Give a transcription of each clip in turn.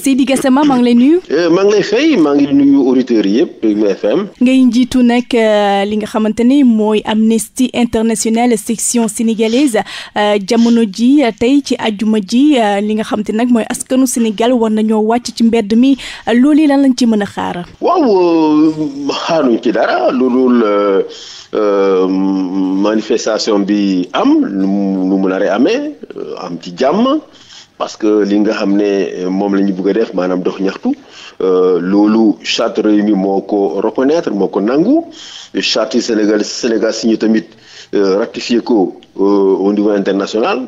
Seydi Gassama maa ngi lay nuyu. Eh, maa lay fay maa ngi nuyu auditeurs yëpp Rewmi FM. ngay njiitu nag euh, li nga xamante ni mooy Amnesty International section sénégalaise euh, jamono ji tey ci àjjuma ji euh, li nga xamante nag mooy askanu Sénégal war nañoo wàcc ci mbedd mi loolu lan lañ ci mën a xaar. waaw xaaruñ ci dara lu dul manifestation bi am nu mu nu mu naree am ci jàmm. parce que li nga xam ne euh, moom la ñu bëgg a def maanaam dox ñaxtu euh, loolu charte réew mi moo ko reconnaître moo ko nangu charte Sénégal Sénégal si ñu tamit euh, ratifié ko au niveau international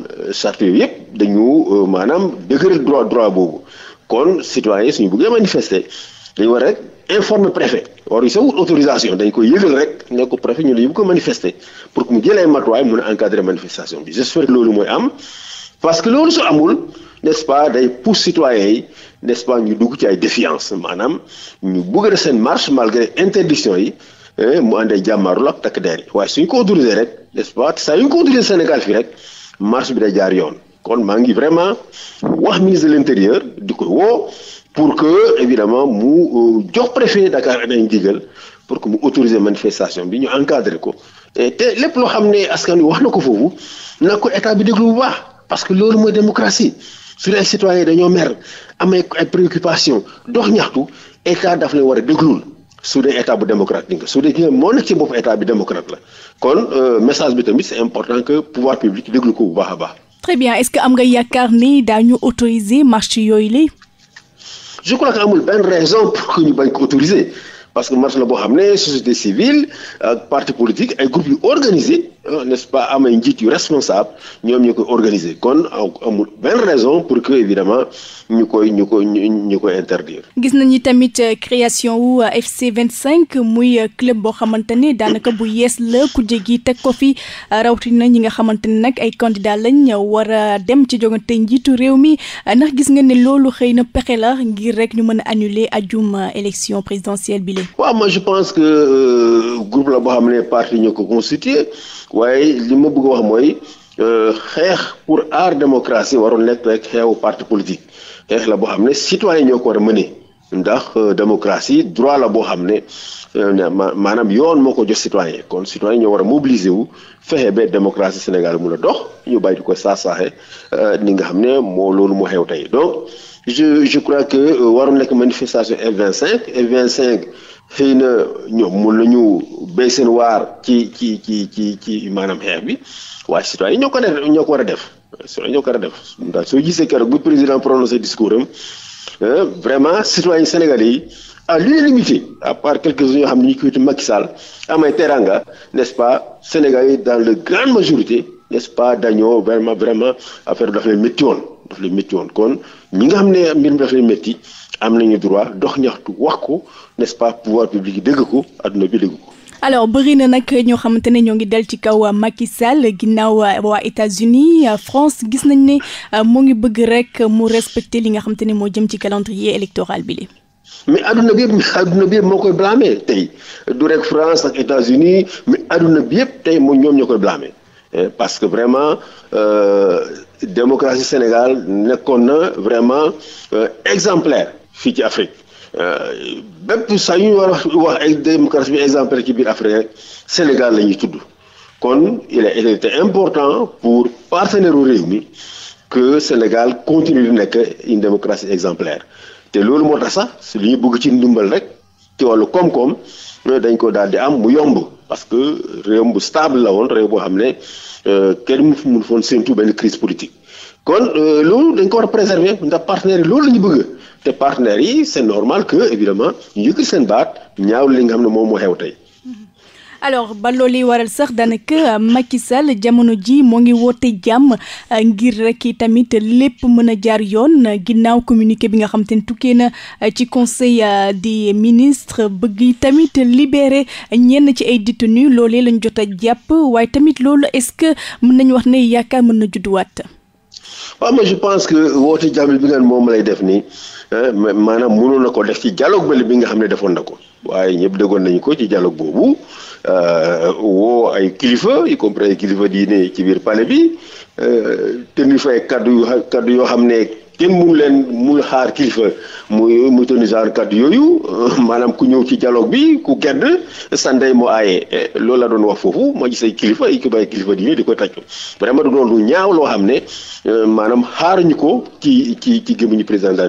charte yooyu yëpp dañu maanaam dëgëral droit droit boobu kon citoyen suñu bëggee manifester dañu war rek informer préfet waru sa wut autorisation dañ koy yëgal rek ne ko préfet ñu ne ñu bëgg ko manifester pour que mu jëlee matuwaay mun a encadrer manifestation bi j'espère que loolu am. parce que loolu su amul n'est-ce pas day pousse citoyens yi n'est-ce pas ñu dugg ci ay défiance maanaam ñu bugg a seen marche malgré interdiction yi eh, mu àndee jàmmaarul ak takk der yi waaye suñ ko autorisé rek n'est-ce pas saa yu ñu ko autorisé Sénégal fii rek marche bi day jaar yoon kon maa ngi vraiment wax ministre de l'intérieur di ko woo pour que évidemment mu euh, jox préfet Dakar ay ndigal pour que mu autoriser manifestation bi ñu encadré ko te lépp loo xam ne askan wi wax na ko foofu parce que loolu mooy démocratie suñu ay citoyens dañoo mer amee ay préoccupation dox ñaxtu état daf leen war a déglul su dee état bu démocratique su dee moo nekk ci bopp état bi démocrate la kon euh, message bi tamit c'est important que pouvoir public déglu ko bu baax a baax. très bien est-ce que am nga yaakaar ni daañu autoriser marche yooyu li je crois que amul benn raison pour que ñu bañ ko autoriser parce que marche la boo xam ne société civile ak parti politique ay groupes yu organisé. Euh, n'est-ce pas am ay njiit responsable ñoom ñu koy organiser kon amul benn raison pour que évidemment ñu koy ñu koy ñu koy interdire. gis nañu tamit euh, création wu euh, FC muy club boo xamante ne daanaka bu yees la ku gi teg ko fi rawatina ñi nga xamante ne nag ay candidat lañ war a dem ci jogante njiitu réew mi ndax gis nga ne loolu xëy na pexe la ngir rek ñu mën a annuler ajum élection présidentielle bi la. waaw moi je pense que groupe la boo xam ne parti ñu ko constitué. waaye li ma bëgg wax mooy euh, xeex pour aar démocratie waroon nekk rek xeexu parti politique xeex la boo xam ne citoyen ñoo ko war a mëne ndax euh, démocratie droit la boo xam ne euh, maanaam yoon moo ko jox citoyen kon citoyen ñoo war a mobiliser wu fexe ba démocratie Sénégal mun a dox ñu bàyyi di ko saax-saaxe ni nga xam ne moo loolu moo xew tey donc je je crois que waroon nekk manifestation F25 F25 xëy na ñoom mun nañu béy seen waar ci ci ci ci ci maanaam xeex bi waaye citoyen ñoo ko def ñoo ko war a def citoyen ñoo ko war def soo gisee keroog bu président prononcé discours am vraiment citoyen sénégal yi à l'unanimité à part quelques-uns yoo xam ne ñu ko witti Macky Sall amay teranga n'est-ce pas Sénégal yi dans la grande majorité n'est-ce pas dañoo vraiment vraiment affaire bi daf leen métti woon daf leen métti woon kon ñi nga xam ne mbir mi daf leen métti am nañu droit dox ñaxtu wax ko n'est-ce pas pouvoir public dégg ko adduna bi dégg ko. alors bëri na nag ñoo xamante ne ñoo ngi dal ci kaw Macky Sall ginnaaw euh, waa États-Unis euh, France gis nañ ne euh, moo ngi bëgg rek mu respecter li nga xamante ne moo jëm ci calendrier électoral bi li mais adduna bi yëpp adduna bi yëpp moo koy blâmer tey du rek France ak États-Unis mais adduna bi yëpp tey moom ñoom ñoo koy blâmer parce que vraiment euh, démocratie Sénégal nekkoon na vraiment euh, fii ci Afrique bépp saa yu ñu war a wax ay démocratie bi exemplaire ci biir Afrique rek Sénégal la ñuy tudd kon il a été important pour partenaire u réew mi que Sénégal continue di nekk une démocratie exemplaire te loolu moo tax sax si lu ñu bëgg ci ndimbal rek ci wàllu koom-koom euh, dañ ko daal di am mu yomb parce que réew bu stable la woon réew boo xam ne euh, kenn mu mun foon séntu benn crise politique kon euh, loolu dañ ko war a préserver ndax partenaires yi loolu la ñu bëgg te partenaires yi c'est normal que évidemment ñu yëkkati seen baat ñaawlu li nga xam ne moom moo xew tey. alors ba loolu waral sax daanaka Macky Sall jamono ji moo ngi woote jàmm ngir rek tamit lépp mën a jaar yoon ginnaaw communiqué bi nga xam te ne tukkee na ci conseil euh, di ministres bëgg tamit libéré ñenn ci ay détenus loolee lañ jot a jàpp waaye tamit loolu est-ce que mën nañu wax ne yaakaar mën na judduwaat. waaw mais je pense que woote jàmm bi ngeen moom lay def nii. Eh, maanaam mënoon na ko def ci dialogue bali bi nga xam ne defoon na ko waaye ñëpp déggoon nañu ko ci dialogue boobu eh, woo ay kilifa y compris ay kilifa diine ci biir pale bi eh, te ñu fay kaddu kaddu yoo xam ne. kenn mun leen mun xaar kilifa muy muy tonni genre kàddu yooyu maanaam ku ñëw ci dialogue bi ku sa ndey mu aaye loolu la doon wax foofu ma gisay kilifa yi ki bàyyi kilifa di ñëw di ko tàccu vraiment du doon lu ñaaw loo xam ne euh, maanaam xaaruñu ko ci ci ci gémmiñu président de la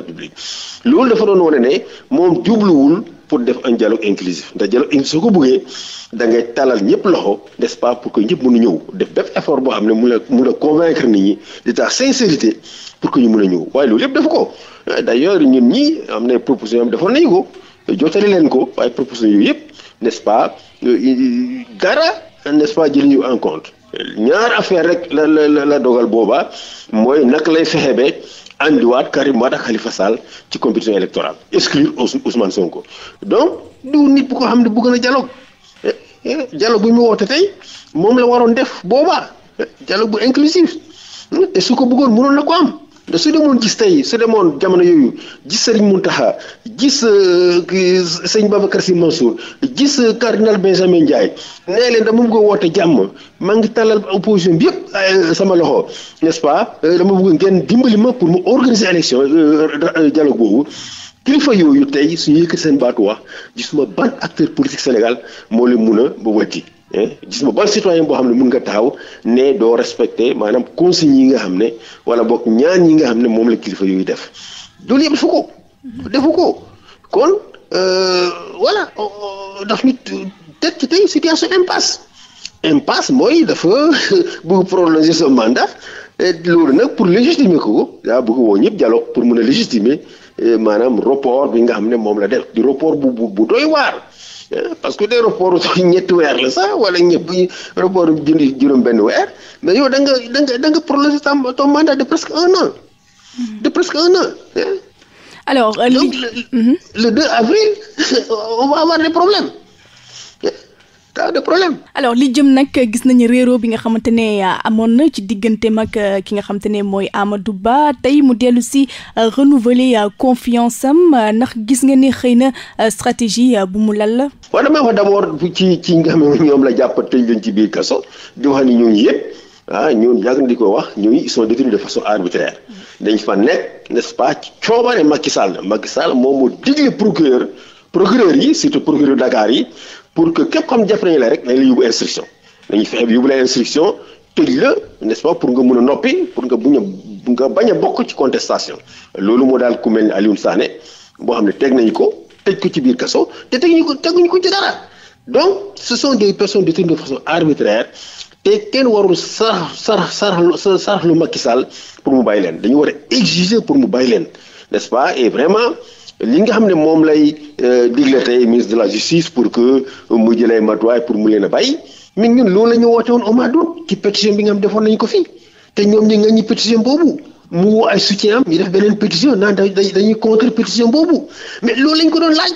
loolu dafa doon wane ne moom jubluwul pour def un dialogue inclusif ndax dialogue inclusif soo ko bëggee da ngay talal ñëpp loxo n'est-ce pas pour que ñëpp mën a ñëw def bépp effort boo xam ne mu a mun a convaincre nit ñi de ta sincérité pour que ñu mën a ñëw waaye loolu yëpp def ko d'ailleurs ñun ñii am na proposition am defoon nañu ko jottali leen ko waaye proposition yooyu yëpp n'est-ce pas euh, dara n'est-ce pas jël ñu en compte ñaar affaire rek la la la dogal booba mooy naka lay fexe ba andiwaat Karim Wade ak Khalifa Sall ci compétition électorale exclure Ousmane Sonko donc du nit bu ko xam ne bëgg na dialogue eh, eh, dialogue bu mu woote tey moom la waroon def boobaa eh, dialogue bu inclusif hmm? te su ko bëggoon mënoon na ko am. su demoon gis tey su demoon jamono yooyu gis Serigne Mountakha gis euh, sëñ Babacar Sy Mansour gis euh, cardinal Benjamin Ndiaye nee leen dama bëgg a woote jàmm maa ngi tàllal opposition bi yëpp euh, sama loxo n'est-ce pas dama bugg ngeen dimbali ma pour mu organiser élection dialogue boobu kilifa yooyu tey suñu yëkkati seen baatu wax gisuma ban acteur politique Sénégal moo leen mun a ba wàcc. Eh? gis nga ban citoyen boo xam ne mun nga taxaw ne doo respecté maanaam consignes yi nga xam ne wala boog ñaan yi nga xam ne moom la kilifa yooyu def loolu yëpp defu ko defu ko kon euh, oh, oh, daf ñu teg ci tey situation impasse impasse mooy dafa bëgg prolonger son mandat loolu nag pour légitimer ko daa bëgg woo ñëpp dialogue pour mën a légitimer euh, maanaam report bi nga xam ne moom la def di report bu bu doy waar parce que dee report ñetti weer la sa wala ñëpp report jundi juróom-benn weer mais yow da nga da nga da nga prolonger ton mandat de presque un an. de presque un an. alors. Euh, donc le, le 2 mhm. avril on va avoir des problèmes. t'as de problème. alors li jëm nag gis nañu réeroo bi nga xamante ne euh, amoon na ci diggante mag euh, ki nga xamante ne mooy Amadou Ba tey mu dellu si euh, renouveler confiance am ndax gis nga ni xëy na stratégie bu mu lal la. waaw damaa wax d'abord ci ci nga xam ne ñoom la jàpp tëj ci biir kaso di wax ni ñooñu yëpp ah ñoom yàgg na di ko wax ñooñu ils sont de façon arbitraire dañ fa nekk n'est-ce pas ci coobare Sall Macky Sall moom moo digle procureur procureur yi surtout procureur Dakar yi pour que képp xam jàpp nañu la rek dañ la yóbbu instruction dañuy fexe bi yóbbu la instruction tëj la nest pas pour nga mun a noppi pour nga buñ a bañ a bokk ci contestation loolu moo daal ku mel ni Alioune Sané boo xam ne teg nañu ko tëj ko ci biir kaso te teguñu ko teguñu ko ci dara donc ce sont des personnes détenues de façon arbitraire te kenn warul sarax sarax sarax sarax lu Macky Sall pour mu bàyyi leen dañu war a exiger pour mu bàyyi leen n'est-ce pas et vraiment li nga xam ne moom lay euh, digle tey ministre de la justice pour que euh, mu jëlee matuwaay pour mu leen a bàyyi mais ñun loolu la ñu woote woon au mois d'août pétition bi nga xam defoon nañu ko fi te ñoom ñu nga ñi pétition boobu mu woo ay soutien am ñu def beneen pétition naan dañuy contre pétition boobu mais loolu lañ ko doon laaj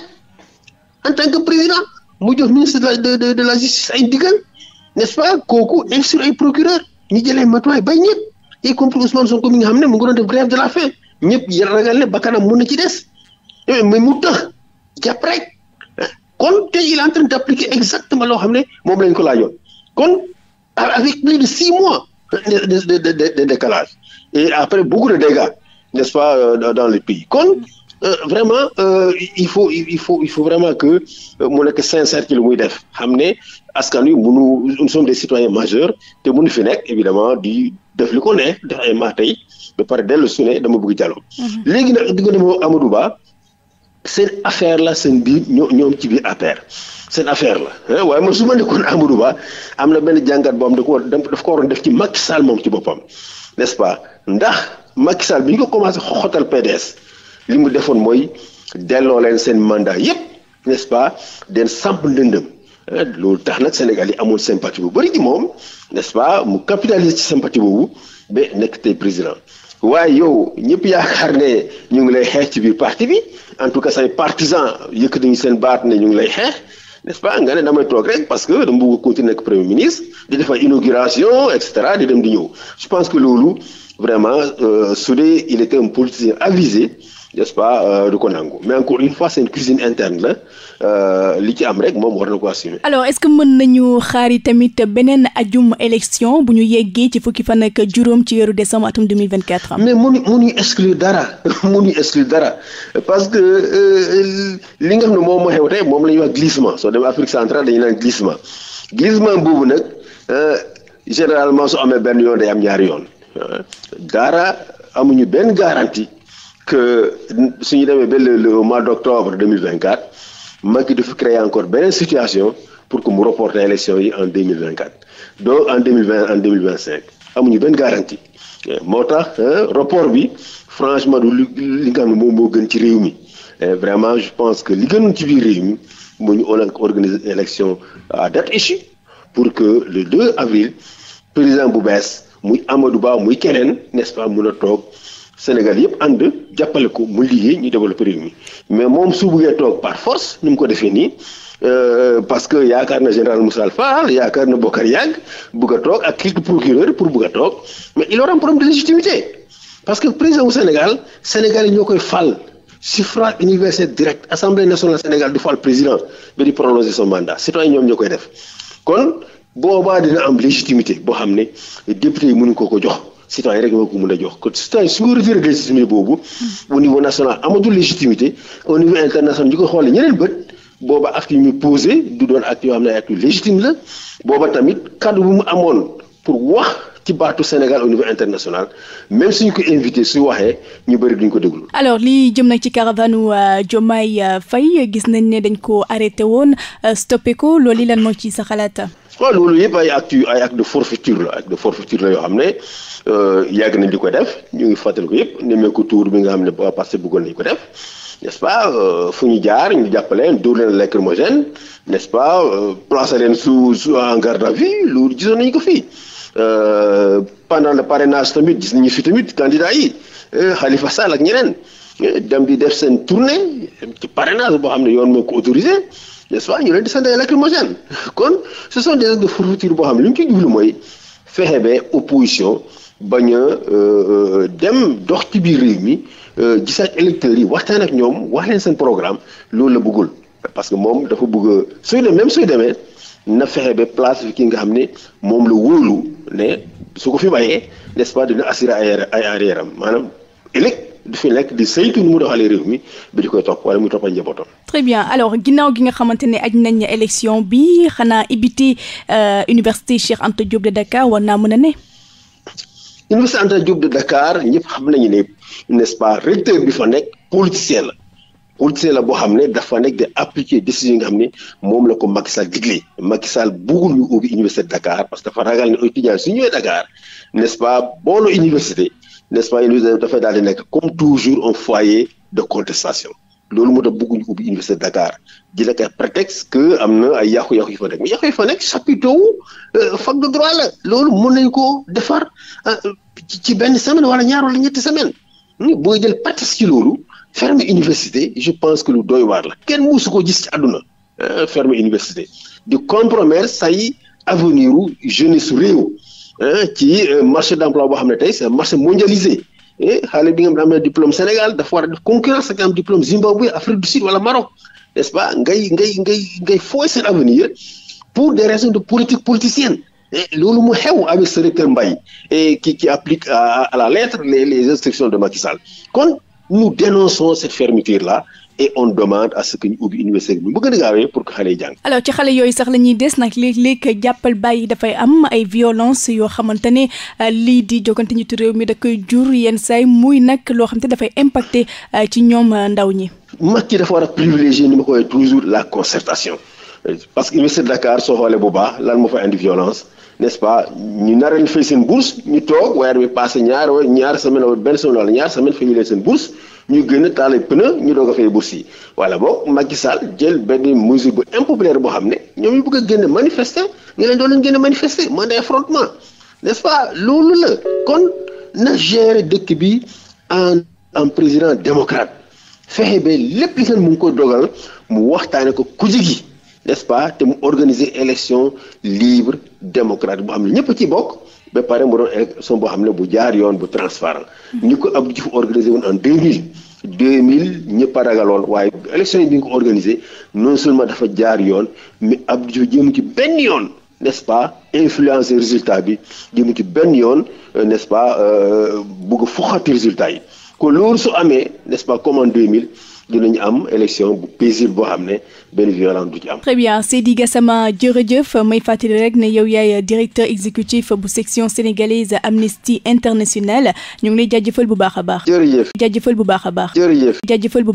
en tant que président mu jox ministre de la la justice ay digal n'est-ce pas kooku instruire ay procureur ñu jëlee matuwaay bay y compris nga xam ne mu ngi doon def grève de la faim ñëpp ragal ne bakkanam mun na ci des. Eh, mais mu tëx jàpp rek kon tey il est en appliquer exactement loo xam ne moom lañ ko laajoon kon avec plus de six mois de de de de décalage et après beaucoup de dégâts n'est-ce pas euh, dans le pays kon euh, vraiment euh, il faut il faut il faut vraiment que mu nekk sincère ci lu muy def xam ne askan wi munu nous sommes des citoyens majeurs te munu fi nekk évidemment di def li ko ne def ay maa tey ba pare dellu su ne dama bëgg jàlloo. Mhm. léegi nag di ko demoo seen affaire la seen biir ñoo ñoom ci biir affaire seen affaire la eh, waaye man su ma nekkoon Amadou Ba am na benn jàngat boo am da ko daf ko waroon def ci Macky Sall moom ci boppam n'est-ce pas ndax Macky Sall bi ñu ko commencé xoxotal PDS li mu defoon mooy delloo seen mandat yépp n'est-ce pas den samp ndëndëm eh, loolu tax nag Sénégal yi amul sympathie bu bëri ci moom n'est-ce pas mu capitaliser ci sympathie boobu ba nekk tey président waaye yow ñëpp yaakaar ne ñu ngi lay xeex ci biir parti bi en tout cas say partisans yëkkati nañu seen baat ne ñu ngi lay xeex n'est-ce pas nga ne damay toog rek parce que dama bëgg a continuer nekk premier ministre di def inauguration et cetera di dem di ñëw je pense que loolu vraiment euh, Soudé il était un politicien avisé. n'est-ce pas euh, du ko nangu mais encore une fois seen cuisine interne la euh, li ci am rek moom war na ko assumer. alors est-ce que mën nañu xaar yi tamit beneen ajum élection bu ñu yeggee ci fukki fa ak juróom ci weeru décembre atum 2024. mais mënu mënuñu exclure dara mu mënuñu exclure dara parce que euh, li nga xam ne moom moo xew tey moom la ñuy wax glissement soo demee Afrique centrale dañu naan glissement glissement boobu nag généralement su amee benn yoon day am ñaari yoon dara amuñu benn garantie. que su ñu demee ba le mois d' octobre 2024 Macky dafa créer encore beneen situation pour que mu reporter élection yi en 2024 donc en 2020 en 2025 amuñu benn garantie eh, moo tax report bi franchement du li nga xam ne moom moo gën ci réew mi eh, vraiment je pense que li gënoon ci biir réew mi moo ñu organiser élection à date échue pour que le 2 avril président bu bees muy Amadou baax muy keneen n'est-ce pas mun a toog Sénégal yëpp ànd jàppale ko mu liggéey ñu développé réew mi mais moom su buggee toog par force ni mu ko defee nii euh, parce que yaakaar na général Moussa Fall yaakaar na Bokar Yàgg bugg a toog ak quelques procureurs pour bugg a toog mais il aura un problème de légitimité parce que président wu Sénégal Sénégal yi ñoo koy fal suffrage universel direct assemblée nationale Sénégal du fal président ba di prolonger son mandat citoyen ñoom ñoo koy def kon boobaa dina am légitimité boo xam ne député yi mënuñu ko jox. citoyen rek moo ko mën a jox kon citoyen su ñu retiré légitimité boobu au niveau national amatul légitimité au niveau international ñu ko xoolee ñeneen bët booba acte yi ñu posé du doon acte yoo xam ne ay acte légitime la booba tamit kàddu bu mu amoon pour wax ci baatu Sénégal au niveau international même suñ ko invité su waxee ñu bëri duñ ko déglu. alors lii jëm nag ci caravanu euh, Diomaye euh, Faye gis nañ ne dañ ko arrêté woon euh, stoppé ko loolu lan moo ci sa xalaat. waaw yëpp ay actes ay actes de forfaiture la acte de forfaiture la yoo xam ne yàgg nañ di ko def ñu ngi fàttali ko yëpp nemee ko tuur bi nga xam ne ba parce que bëggoon nañ ko def n'est-ce pas fu ñu jaar ñu jàppaleen dóor leen lacrymogène n'est-ce pas placé leen sous sous en garde à vue loolu gisoon nañu ko fii Euh, pendant le parrainage tamit gis nañu fi tamit candidat yi euh, Khalifa Sall ak ñeneen euh, dem bi def seen tournée ci parrainage boo xam ne yoon moo ko autorisé n'est-ce pas ñu leen di sant ay lacrymogène kon ce sont des actes de fourniture boo xam ne li ñu ci jublu mooy fexe ba opposition bañ a dem dox ci biir réew mi gisaat électeurs yi waxtaan ak ñoom wax leen seen programme loolu la buggul parce que moom dafa bugg a dem même suy demee. na fexe ba place bi ki nga xam ne moom la wóolu ne su ko fi bàyyee n'est-ce pas dina ay ay arrière am maanaam ëllëg du fi nekk di saytu nu mu doxalee réew mi bi di koy topp wala muy toppal njabootam. très bien alors ginnaaw gi nga xamante ne aj nañ élection bi xanaa ibiti euh, université Cheikh Anta Diop de Dakar war naa mën a ne. université Anta Diop de Dakar ñëpp xam nañu ne n'est-ce pas recteur bi fa nekk politicien la. politicien la boo xam ne dafa nekk di appliquer décision yi nga xam ne moom la ko Macky Sall digle Macky Sall buggul ñu ubbi université Dakar parce que dafa ragal ne étudiants su ñëwee Dakar n'est-ce pas boolu université n'est-ce pas université dafay daal di nekk comme toujours un foyer de contestation loolu moo tax bëgguñu ubbi université Dakar jëlee kay prétexte que am na ay yàqu-yàqu yu fa nekk mais yàqu fa nekk chapiteau euh, fac de droit la loolu mën nañ ko defar euh, ci benn semaine wala ñaar wala ñetti semaine hmm, boo jël prétexte ci loolu fermer université je pense que lu doy waar la kenn musu ko gis ci àdduna euh, fermer université di compromettre say avenir u jeunesse réew euh, ci euh, marché d'emploi bo xam ne tey c'est marché mondialisé eh, xale bi nga xam ne am na diplôme Sénégal dafa war a def concurrence ak am diplôme Zimbabwe Afrique du Sud wala Maroc n'est-ce pas ngay ngay ngay ngay fooy seen avenir pour des raisons de politique politicienne eh, loolu mu xew avec ce recteur Mbaye et eh, qui qui applique à, à la lettre les les de Macky Sall nous dénonçons cette fermeture là et on demande à ce que ñu ubbi université bi bu gën a gaawee pour que xale yi jàng. alors ci xale yooyu sax la ñuy des nag léeg-léeg jàppal bàyyi dafay am ay violence yoo xamante ne euh, lii di jogante njiitu réew mi da koy jur yenn saay muy nag loo xam te dafay impacte euh, ci ñoom euh, ndaw ñi. mag ki dafa war a privilégier ni ma ko toujours la concertation parce que université de Dakar soo xoolee bu baax lan moo fa indi violence. n'est-ce pas ñu nar leen fay seen bourse ñu toog weer bi passé ñaar wala ñaar semaine benn semaine wala ñaar semaine fayuleen seen bourse ñu gën a taale pneu ñu doog a fay bourse yi wala boog Macky Sall jël benn mesure bu impopulaire boo xam ne ñoom ñu bëgg a génn manifester ñu leen doon leen génn manifester mooy day affrontement n'est-ce pas loolu la kon na gérer dëkk bi en en président démocrate fexe ba lépp li ngeen ko dogal mu waxtaane ko kuje gi n'est-ce pas te mu organiser élection libre démocratique bu xam ne ñëpp ci bokk ba pare mu doon élection boo xam ne bu jaar yoon bu transparent ñu ko Abdou Diouf organisé woon en 2000 2000 ñëpp waaye élection yi bi ñu ko organisé non seulement dafa jaar yoon mais Abdou Diouf jëm ci benn yoon n'est-ce pas influencer résultat bi jëm ci benn yoon euh, n'est-ce pas euh, bugg a fuxati résultat yi ko loolu su amee n'est-ce pas comme en dinañu am élection bu paisible boo xam ne benn violence du ci am. très bien Seydi Gassama jërëjëf may fàttali rek ne yow yaay directeur exécutif bu section sénégalaise Amnesty International ñu ngi lay jaajëfal bu baax a baax. jërëjëf jaajëfal bu baax a baax. jërëjëf jaajëfal